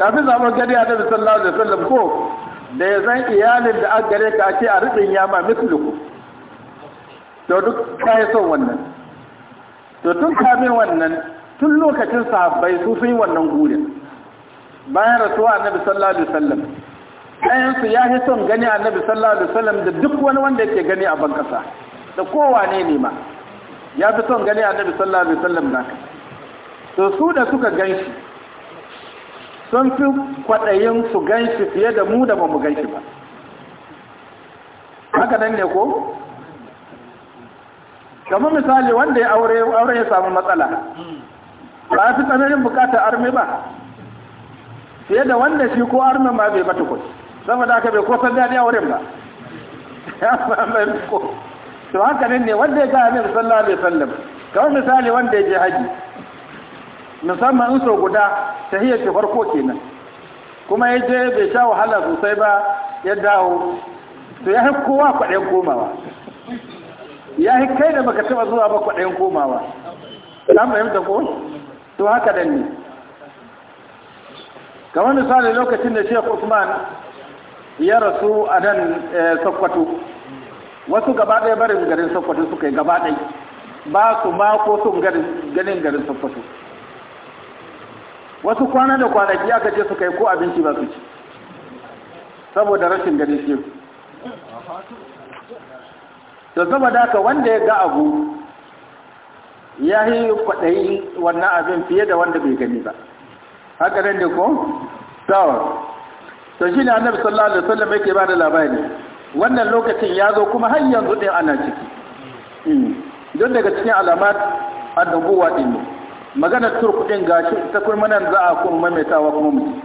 kafin zaɓar gari nabi sallallahu alaihi wa sallam ko da ya zan iyalin da an gare ka a ce a rufin yama misluku to duk ka yi son wannan to tun kamin wannan tun lokacin sahabbai su fi wannan gurin bayan rasuwa annabi sallallahu alaihi wa sallam ɗayansu ya fi son gani annabi sallallahu alaihi wasallam da duk wani wanda yake gani a ban kasa da kowane ne ma ya fi son gani annabi sallallahu alaihi wasallam na to su da suka gan shi sun fi kwaɗayin su gan shi fiye da mu da ba mu gan shi ba haka nan ne ko kamar misali wanda ya aure aure ya samu matsala ba fi tsananin bukatar arme ba fiye da wanda shi ko arme ma bai mata kuɗi saboda aka bai ko san daɗi a wurin ba to haka ne wanda ya ga annabi sallallahu alaihi sallam kamar misali wanda ya je haji musamman in so guda hiyar ke farko kenan kuma ya je bai sha wahala sosai ba ya dawo to ya kowa kwaɗayin komawa ya yi kai da baka taba zuwa ba kwaɗayin komawa ma fahimta ko to haka dan ne kamar misali lokacin da shekwa kuma ya rasu a nan eh, sokoto wasu gaba ɗaya barin garin sokoto suka yi gaba ɗaya ba su ma ko sun ganin garin sokoto wasu kwana da kwanaki aka ce suka yi ko abinci ba su ci saboda rashin gani shi da zama da wanda ya ga abu ya yi kwaɗayi wannan abin fiye da wanda bai gani ba haka nan ko? tawar to shi ne annabi sallallahu alaihi wasallam yake ba da labari wannan lokacin ya zo kuma har yanzu din ana ciki hmm. don daga cikin alamat annabuwa din ne maganar turku ɗin gashi ta kuma nan za a kuma maimaitawa kuma mutum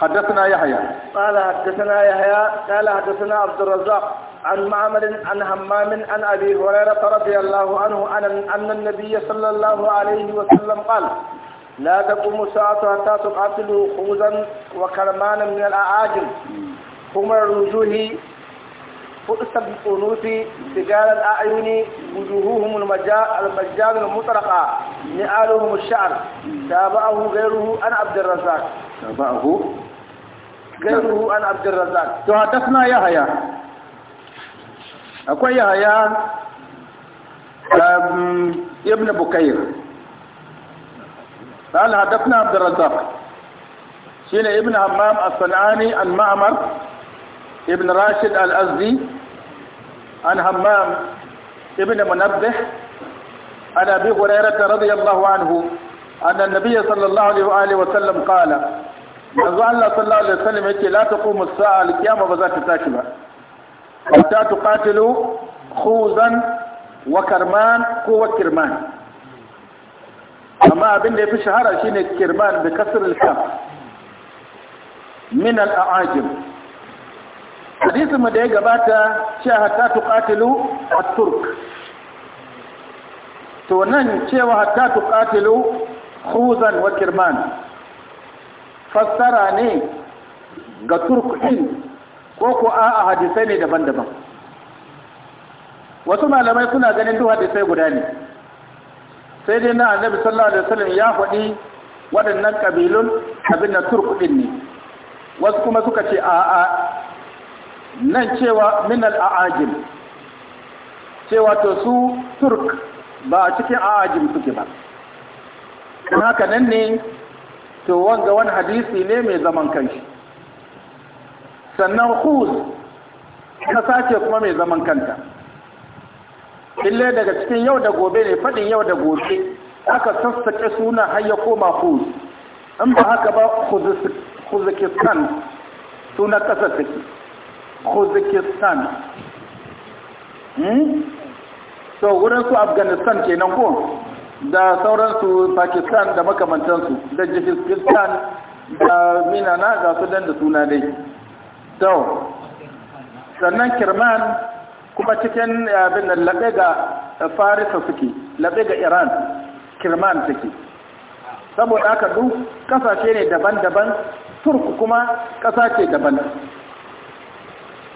حدثنا يحيى قال حدثنا يحيى قال حدثنا عبد الرزاق عن معمر عن همام عن أبي هريرة رضي الله عنه أن, النبي صلى الله عليه وسلم قال لا تقوم الساعة حتى تقاتل خوزا وكرمانا من الأعاجم حمر الوجوه فؤس الأنوث سجال الأعين وجوههم المجان المطرقة نعالهم الشعر تابعه غيره أنا عبد الرزاق تابعه غيره أنا عبد الرزاق تحدثنا أقول يا هيا ابن بكير قال حدثنا عبد الرزاق شيل ابن همام الصنعاني عن معمر ابن راشد الأزدي عن همام ابن منبه عن أبي هريرة رضي الله عنه أن النبي صلى الله عليه وآله وسلم قال manzo الله صلى الله عليه وسلم لا تقوم الساعه al-qiyama ba za ta خوزا وكرمان قوه كرمان amma abin da ya fi shahara ne kirman da kasar kam min al’ajin hadisin mu da ya gabata cewa hatta tuqatilu a turk to nan cewa ta tuqatilu huzan wa kirman fassara ne ga turk ɗin ko ko a hadisai ne daban-daban wasu malamai suna ganin duk hadisai guda ne sai dai na annabi sallallahu alaihi wasallam ya faɗi waɗannan kabilun abin da turkudin ne wasu kuma suka ce a'a nan cewa minal a'ajim cewa to su turk ba a cikin a'ajim suke ba kan haka nan ne to wanga wani hadisi ne mai zaman kanshi sannan khuz kasa ce kuma mai zaman kanta illa daga cikin yau da gobe ne faɗin yau da gobe aka sassake suna har ya koma huz in ba haka ba huzakistan suna ƙasar take huzakistan hmm? so wurin su afghanistan kenan ko da sauransu pakistan da makamantansu da jihistan da minana ga su dan da suna dai to sannan kirman kuma cikin eh, abin da laɓe ga farisa suke laɓe ga iran kirman suke saboda aka duk kasashe ne daban-daban turku kuma kasa ce daban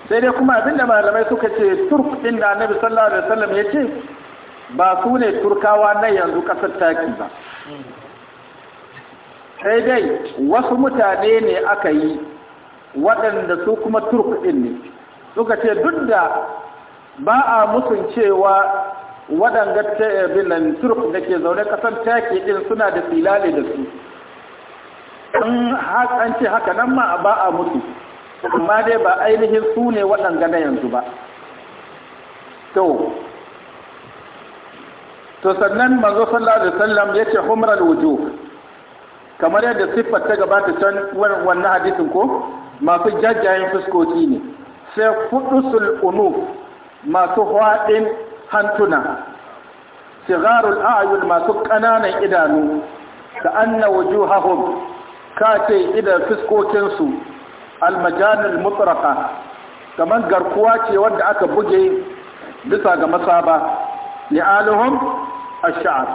sai dai kuma abinda malamai suka ce turku ɗin da annabi sallallahu alaihi wasallam ya ce ba su ne turkawa na yanzu kasar taki ba sai dai wasu mutane ne aka yi waɗanda su kuma turku ɗin ne suka ce duk da ba a musun cewa waɗanda eh, bilan turk da ke zaune ƙasar taki ɗin suna da filale da su in an ce haka nan ma ba a mutu amma dai ba ainihin su ne waɗanda na yanzu ba to to sannan manzo sallallahu alaihi wasallam yace humral wujuh kamar yadda siffar ta gabata can wannan hadisin ko masu jajjayen fuskoki ne sai fudusul unuf masu hwaɗin hantuna sigarul ayun masu ƙananan idanu da anna wujuhahum kace idan fuskokinsu, almajanin mutraqa kamar garkuwa ce wanda aka buge bisa ga masaba li'aluhum alihun asha'ar,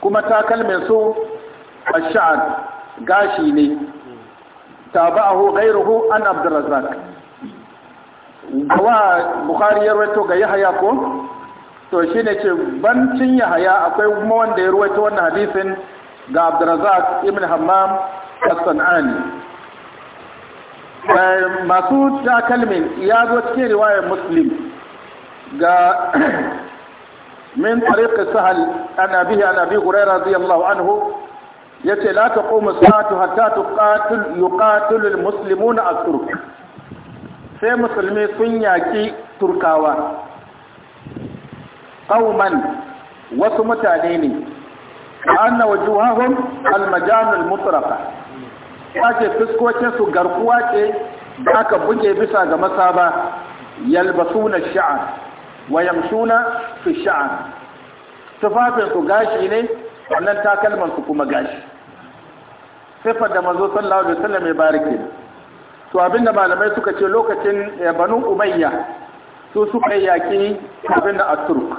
kuma takalmin su asha'ar gashi ne tabahu ghayruhu an razak. wa bukhari ya rawaito ga yahaya ko to shi ne ce bancin yahaya akwai kuma wanda ya rawaito wannan hadisin ga abdurrazzaq ibn hammam as-sanani eh, masu takalmin ya zo cikin riwayar muslim ga min tariq sahal an abihi hurairah radiyallahu anhu yace la taqumu salatu hatta tuqatil yuqatil muslimuna as-turk sai musulmi sun yaƙi turkawa ƙauman wasu mutane ne waje wajuhahum almajanul mutrafa ce fuskokin su garkuwa ce da aka buge bisa ga masaba na sha'an wa suna su sha'an tufafin su gashi ne wannan takalmansu kuma gashi sifar da manzo sallallahu alaihi wasallam ya barike to abinda malamai suka ce lokacin eh, banu umayya su suka yaki abinda a turk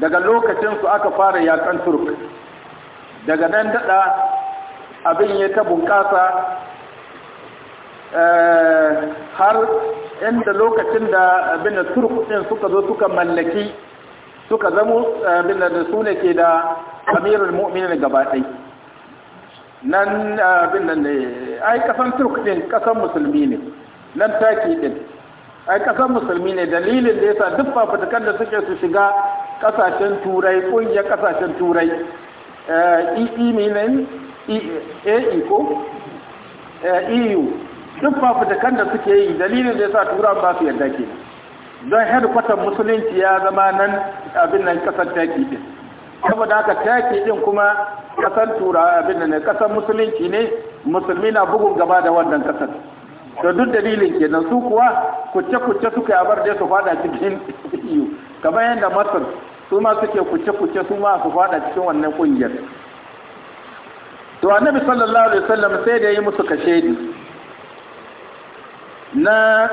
daga lokacin su aka fara yakan turk daga nan dada abin ya ta bunƙasa eh, har inda lokacin da abinda turk din suka zo suka mallaki suka zamo eh, abinda da su ne ke da amirul mu'minin gaba nan ah, abin nan ne ai kasan turk din kasan musulmi ne nan taki din ai kasan musulmi ne dalilin da yasa duk fafutukan da suke su shiga kasashen turai kungiyar kasashen turai ee eh, minin e ee e ko eu eh, e duk fafutukan da suke yi dalilin da yasa turan ba su yarda ke don headquarter musulunci ya zama nan abin nan kasar taki din saboda haka taki din kuma kasar tura abin da ne kasar musulunci ne musulmi na bugun gaba da wannan kasar to duk dalilin kenan su kuwa kuce kuce suka yi abar da su fada cikin iyo kamar yadda Masar su ma suke kuce kuce su ma su fada cikin wannan kungiyar to annabi sallallahu alaihi wasallam sai da yi musu kashedi na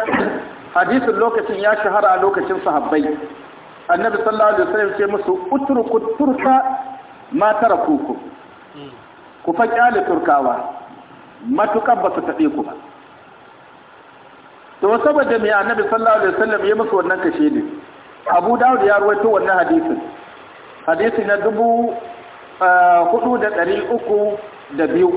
hadisin lokacin ya shahara a lokacin sahabbai annabi sallallahu alaihi wasallam ce musu utruku turka ma tarakuku ku fa kyale turkawa matukan ba su taɓe ku ba to saboda me annabi sallallahu alaihi wasallam ya musu wannan kashe ne abu dawud ya ruwaito wannan hadisin hadisi na dubu ah, hudu da ɗari uku da biyu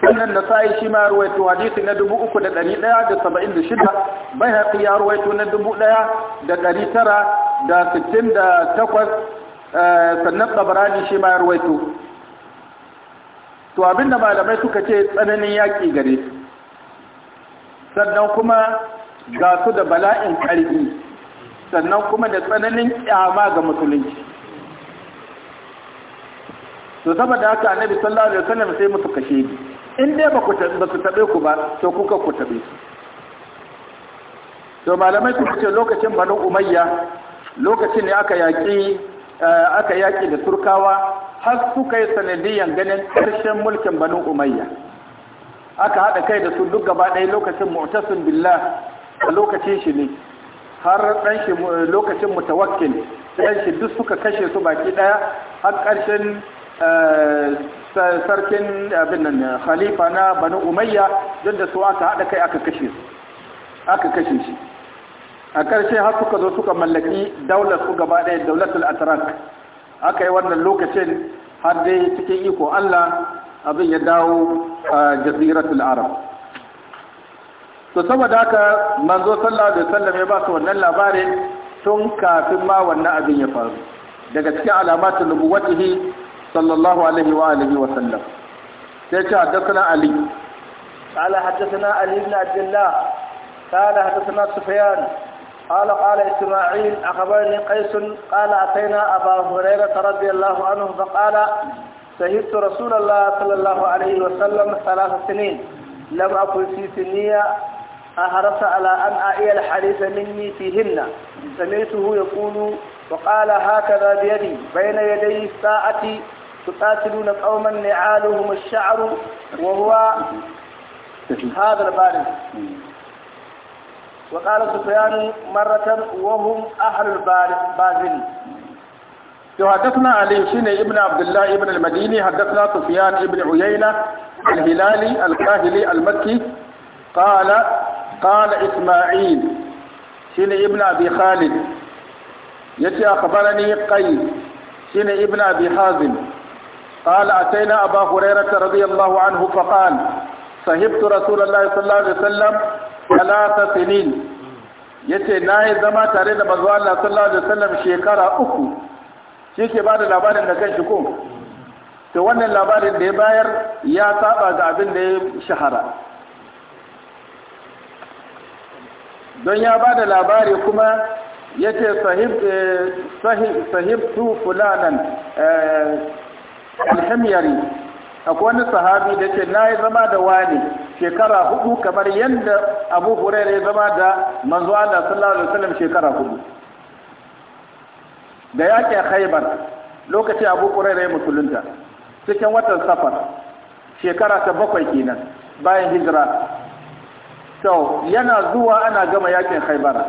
sannan na sa'i shi ma ruwaito hadisi na dubu uku da ɗari ɗaya da saba'in da shida bai haƙi ya ruwaito na dubu ɗaya da ɗari tara da sittin da takwas ah, sannan tsabarani shi ma ya ruwaito to abinda malamai suka ce tsananin yaƙi gare su sannan kuma ga su da bala'in ƙarfi sannan kuma da tsananin ƙyama ga musulunci to saboda haka annabi sallallahu alaihi wasallam sai musu kashe ni in dai ba ku ba su tabe ku ba to kuka ku tabe su to malamai suka ce lokacin banu umayya lokacin ne aka yaƙi eh, aka yaƙi da turkawa har suka yi sanadiyan ganin ƙarshen mulkin banu umayya aka haɗa kai da su duk gaba ɗaya lokacin mu'tasim billah a lokacin shi ne har ɗanshi lokacin mutawakkil ɗan shi duk suka kashe su baki ɗaya har ƙarshen eh, sarkin abinan khalifa na banu umayya duk da su aka haɗa kai aka kashe su aka kashe shi a ƙarshe har suka zo suka mallaki daular su gaba ɗaya daulatul atrak aka yi wannan lokacin har dai cikin iko Allah abin ya dawo a jaziratul arab to saboda haka manzo sallallahu alaihi wasallam ya ba su wannan labarin tun kafin ma wannan abin ya faru daga cikin alamatul nubuwwatihi sallallahu alaihi wa alihi wa sallam sai ce haddathana ali قال حدثنا علي بن عبد الله قال حدثنا سفيان قال قال إسماعيل أخبرني قيس قال أتينا أبا هريرة رضي الله عنه فقال شهدت رسول الله صلى الله عليه وسلم ثلاث سنين لم أكن في سنية أحرص على أن أعي الحديث مني فيهن سمعته يقول وقال هكذا بيدي بين يدي الساعة تقاتلون قوما نعالهم الشعر وهو هذا البارد وقال سفيان مرة وهم أهل البازل حدثنا علي شين ابن عبد الله ابن المديني حدثنا سفيان ابن عيينة الهلالي الكاهلي المكي قال قال إسماعيل شين ابن أبي خالد يتي أخبرني قيس شين ابن أبي حازم قال أتينا أبا هريرة رضي الله عنه فقال صحبت رسول الله صلى الله عليه وسلم talata sinin yace na yi zama tare da manzo Allah sallallahu alaihi wasallam shekara uku shi ke bada labarin da kanshi ko to wannan labarin da ya bayar ya saba ga abin da ya shahara don ya bada labari kuma yace sahib eh, sahib tu fulanan eh, alhamyari akwai wani sahabi da ce na yi zama da wani shekara hudu kamar yadda abu huraira ya zama da manzuwa da sallallahu alaihi wasallam shekara hudu da yaƙin haibar lokacin abu huraira ya musulunta cikin watan safar shekara ta bakwai kenan bayan hijira to yana zuwa ana gama yakin haibara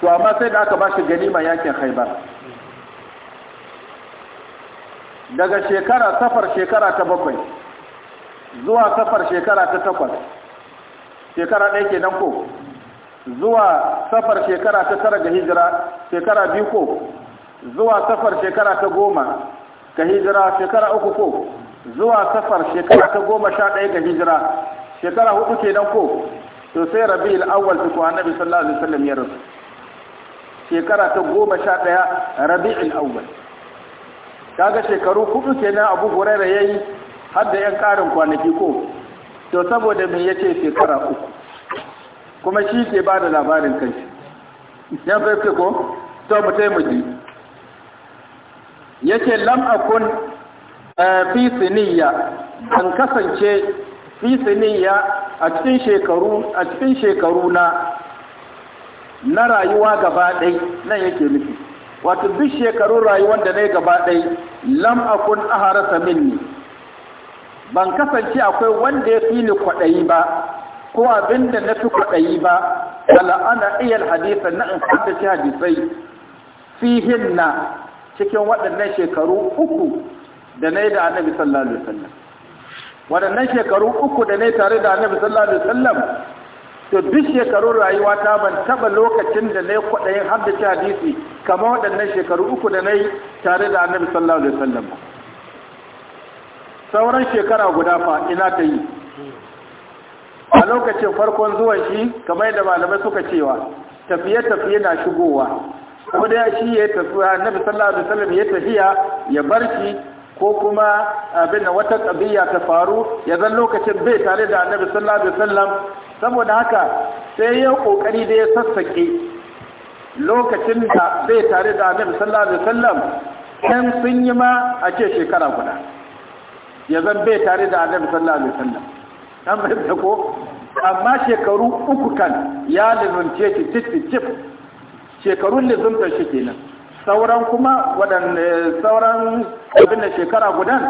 to amma sai da aka bashi ganima yakin haibar daga shekara safar shekara ta bakwai zuwa safar shekara ta takwas shekara ɗaya nan ko zuwa safar shekara ta tara ga hijira shekara biyu ko zuwa safar shekara ta goma ga hijira shekara uku ko zuwa safar shekara ta goma sha ɗaya ga hijira shekara hudu nan ko to sai rabi al'awwal su ko annabi sallallahu alaihi wasallam ya rasu shekara ta goma sha ɗaya rabi al'awwal kaga shekaru hudu kenan abu hurairah yayi har da yan ƙarin kwanaki ko to saboda me ce shekara uku kuma shi ke ba da labarin kai yan fahimta ko to mu muji Ya ce akun eh, fi siniya an kasance fi siniya a cikin shekaru a cikin shekaru na na rayuwa gaba ɗai nan yake nufi wato duk shekarun rayuwar da na yi gaba ɗai lam akun aharasa minni ban kasance akwai wanda ya fi ni kwaɗayi ba ko abin da na fi kwaɗayi ba wala ana iyal hadisa na in haddace hadisai fihin na cikin waɗannan shekaru uku da na yi da annabi sallallahu alaihi wasallam waɗannan shekaru uku da na yi tare da annabi sallallahu alaihi wasallam to duk shekarun rayuwa ta ban taɓa lokacin da na yi kwaɗayin haddace hadisi kamar waɗannan shekaru uku da na yi tare da annabi sallallahu alaihi wasallam sauran shekara guda fa ina ta yi a lokacin farkon zuwan shi kamar yadda malamai suka cewa tafiye-tafiye na shigowa ko da shi ya tafiya na sallallahu alaihi ya tafiya ya bar shi ko kuma abin da wata tsabiya ta faru ya zan lokacin bai tare da na sallallahu alaihi saboda haka sai ya kokari da ya sassake lokacin da bai tare da na sallallahu alaihi sun yi ma a ce shekara guda ya zan bai tare da annabi sallallahu alaihi wasallam bai fahimta ko amma shekaru uku kan ya lizumce titi cif shekarun lizumtar shi kenan sauran kuma wadan sauran abin da shekara gudan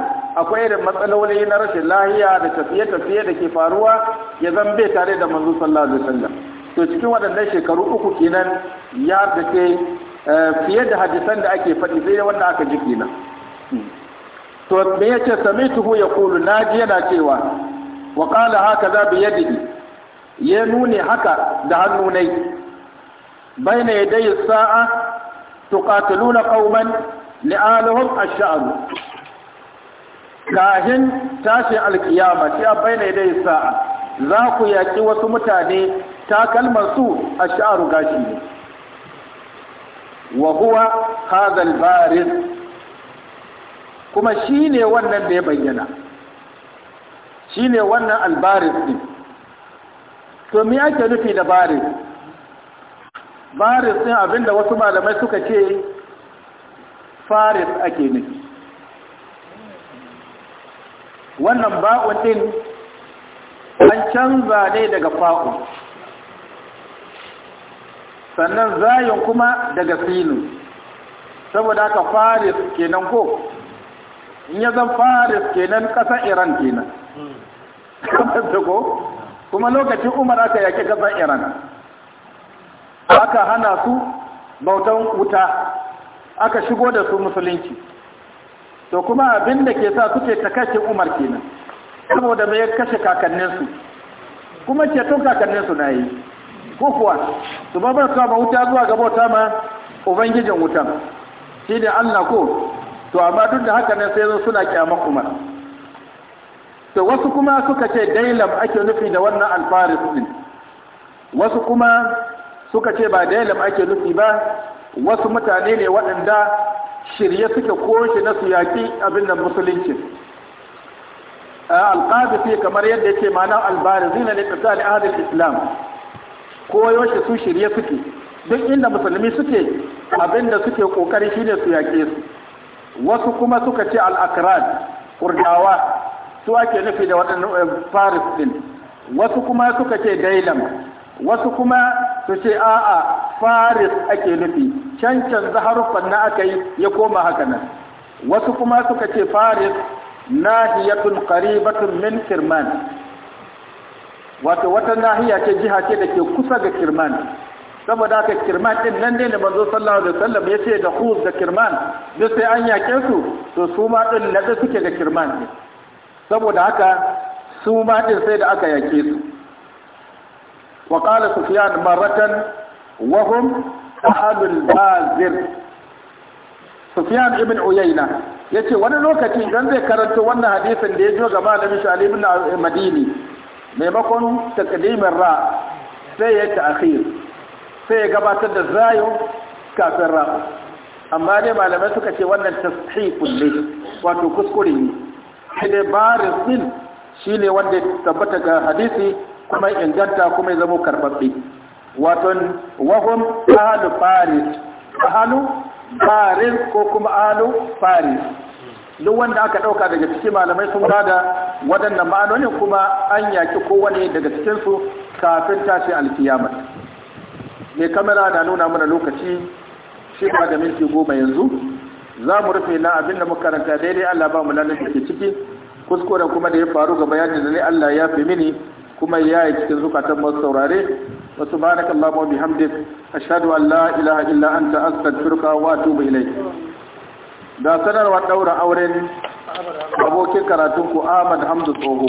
akwai irin matsaloli na rashin lahiya da tafiye-tafiye da ke faruwa ya zan bai tare da manzo sallallahu alaihi wasallam to cikin waɗannan shekaru uku kenan ya da eh, fiye da hadisan da ake faɗi sai wanda aka ji kenan to me yace samituhu yaqulu naji yana cewa wa qala hakaza bi yadihi ya nuni haka da hannu nai baina yaday sa'a tuqatiluna qauman li'aluhum ash-sha'r kahin tashi alkiyama a baina yaday sa'a za ku yaki wasu mutane takalmar su ash-sha'r gashi ne wa huwa hadha al-bariz kuma shi ne wannan da ya bayyana shi ne wannan albaris ne to mi ake nufi da baris baris ɗin abinda wasu malamai suka ce faris ake nufi wannan ba'un ɗin an canza ne daga fa'un sannan zayin kuma daga filin saboda haka faris kenan ko in ya zan faris kenan ƙasar iran kenan ko kuma lokacin umar aka yake ƙasar iran aka hana su bautan wuta aka shigo da su musulunci to kuma abin da ke sa suke kashe umar kenan saboda mai kashe kakanninsu kuma ceton kakanninsu na yi kukuwa su babar kama wuta zuwa ga ma ubangijin wutan shi ne allah ko to amma duk da haka ne sai zo suna kyama umar to wasu kuma suka ce dailam ake nufi da wannan alfaris din wasu kuma suka ce ba dailam ake nufi ba wasu mutane ne waɗanda shirye suke koshi na su yaƙi abin da musulunci alƙadisi kamar yadda yake mana albarizi na littattali ahadin islam koyo shi su shirye suke duk inda musulmi suke abin da suke ƙoƙari shine su yaƙe su wasu kuma suka ce al’akirar su ake nufi da waɗannan eh, faris din wasu kuma suka ce dailam wasu kuma su ce a'a faris ake nufi cancan zaharufan na aka yi ya koma haka nan wasu kuma suka ce faris nahiyatun qaribatun min kirman wato wata nahiya ce jiha ce da ke kusa ga kirman saboda haka kirman din nan ne da manzo sallallahu alaihi wasallam ya ce da khuz da kirman duk sai an yake su to su ma din na suke da kirman ne saboda haka su ma din sai da aka yake su wa qala sufyan maratan wa hum ahlul bazir sufyan ibn uyayna yace wani lokacin dan zai karanto wannan hadisin da ya jo ga malamin shi ibn madini maimakon takdimin ra sai ya ta'khir sai ya gabatar da zayo kafin ra'u, amma dai malamai suka ce wannan tashihun ne wato kuskure ne sai dai baris din shine wanda ya tabbata ga hadisi kuma inganta kuma ya zama karfafi, wato wahum ahalu faris ahalu faris ko kuma ahalu faris duk wanda aka ɗauka daga cikin malamai sun bada waɗannan ma'anoni kuma an yaki kowane daga cikinsu kafin tashi alkiyama mai kamera na nuna mana lokaci shi da minti goma yanzu za mu rufe na abin da makaranta daidai Allah ba mu lalata ke ciki kuskuren kuma da ya faru ga bayanin da ne Allah ya fi mini kuma ya yi cikin zukatan masu saurare wasu wa subhanaka allahumma bihamdik ashhadu Allah ila ilaha illa anta turka wa tuba ilai da sanarwa ɗaura auren abokin karatun ku Ahmad Hamdu Tsoho